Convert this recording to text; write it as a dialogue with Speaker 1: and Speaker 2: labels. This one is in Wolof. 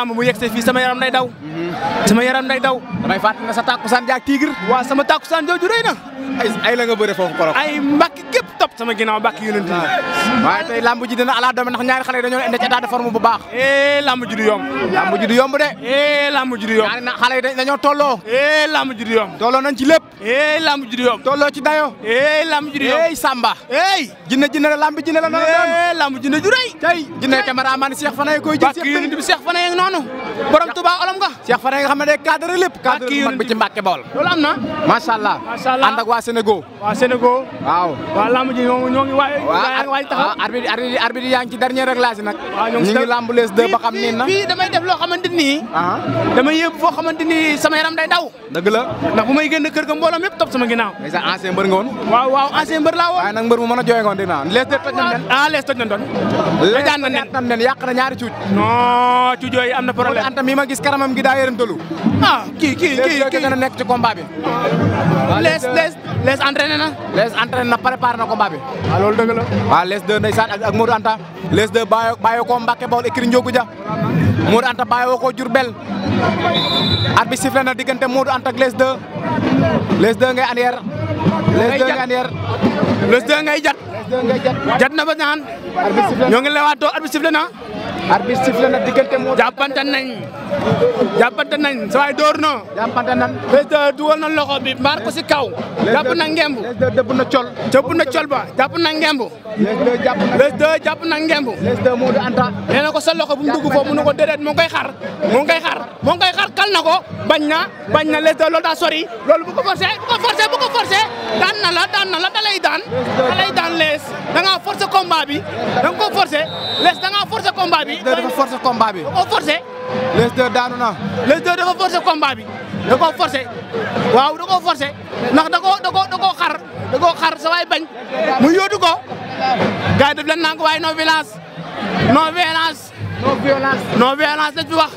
Speaker 1: lamb bu yegsee fii sama yaram day daw mhm. sama yaram day daw damay fàttali na sa tàkkusaan jaak tigre waaw sama tàkkusaan jooju rëy na ay la nga bëre foofu korok ay mbàkk képp jàpp sama ginnaaw bàkk yonent bi waaye tey lamb ji dina ala doome ndax ñaari xale yi dañoo indi ci état de forme bu baax eh lamb ji du yomb lamb ji du yomb de eh lamb ji du yomb ñaari xale yi dañoo tolloo eh lamb ji du yomb tolloo nañ ci lépp eh lamb ji du yomb tolloo ci dayo eh lamb ji du yomb eh samba eh jinne jinne la lamb jinne la noonu eh lamb jinne ju rëy tey jinne cameraman Cheikh Fanaye koy jël bàkk yonent bi Cheikh Fanaye noonu borom Touba olom nga Cheikh Fanaye nga xam ne day cadre lépp cadre bu mag bi ci Mbàkke Bawol loolu am na macha allah ànd ak waa Sénégal waa Sénégal waaw ngi ñoo ngi waay waay taxaw ah, arbitre arbitre lees deux ba xam na damay def loo xamante ah. sama yaram day daw dëgg la ndax bu may génn kër ga mbooloo mépp topp sama ginnaaw mais sax ancien mbër waaw waaw ancien laa woon waaye nag mbër mu mën a jooy ngoon dinaa lees de toj ah, na nen lees toj na doon lees ñaari cuuj non cuuj am na problème antam yi gis karamam gi daa yërëm tëlu ah kii kii kii kii a lees entraîné na lees entraîné na préparé na combat bi waaw ah, loolu dëgg la waaw ah, lees deux ak Modou Anta lees deux bàyyi bàyyi ko Mbacke Bawol écurie Ndiogou Dia Modou Anta bàyyi ko Diourbel at bi sifflé na diggante Modou Anta ak lees deux lees deux ngay andeer lees lees deux ngay jat jat na ba ñaan ñoo ngi lewaatoo arbitre sifflé na. arbitre sifflé na diggante moo. jàppante nañ jàppante nañ sa waay na. jàppante nañ. Liss 2 dugal na loxo bi mbaar kaw. jàpp na ngemb. Liss 2 dëpp na col. jàpp na col ba jàpp na ngemb. Liss 2 na. Liss 2 jàpp ko sa loxo bu mu dugg foofu mu ne ko déedéet moo koy xar. moo ngi koy xar moo ngi na ko bañ na bañ na Liss 2 loolu daa sori loolu bu ko forcé bu ko forcé bu daan na la daan na la da daan da daan lees da ngaa combat bi da nga ko forcer Less da ngaa forcer combat bi. Less 2 dafa forcer combat bi. da koo koo forcer waaw bañ mu yóotu ko gars yi daf leen naan ko waaye non violence non violence. non violence non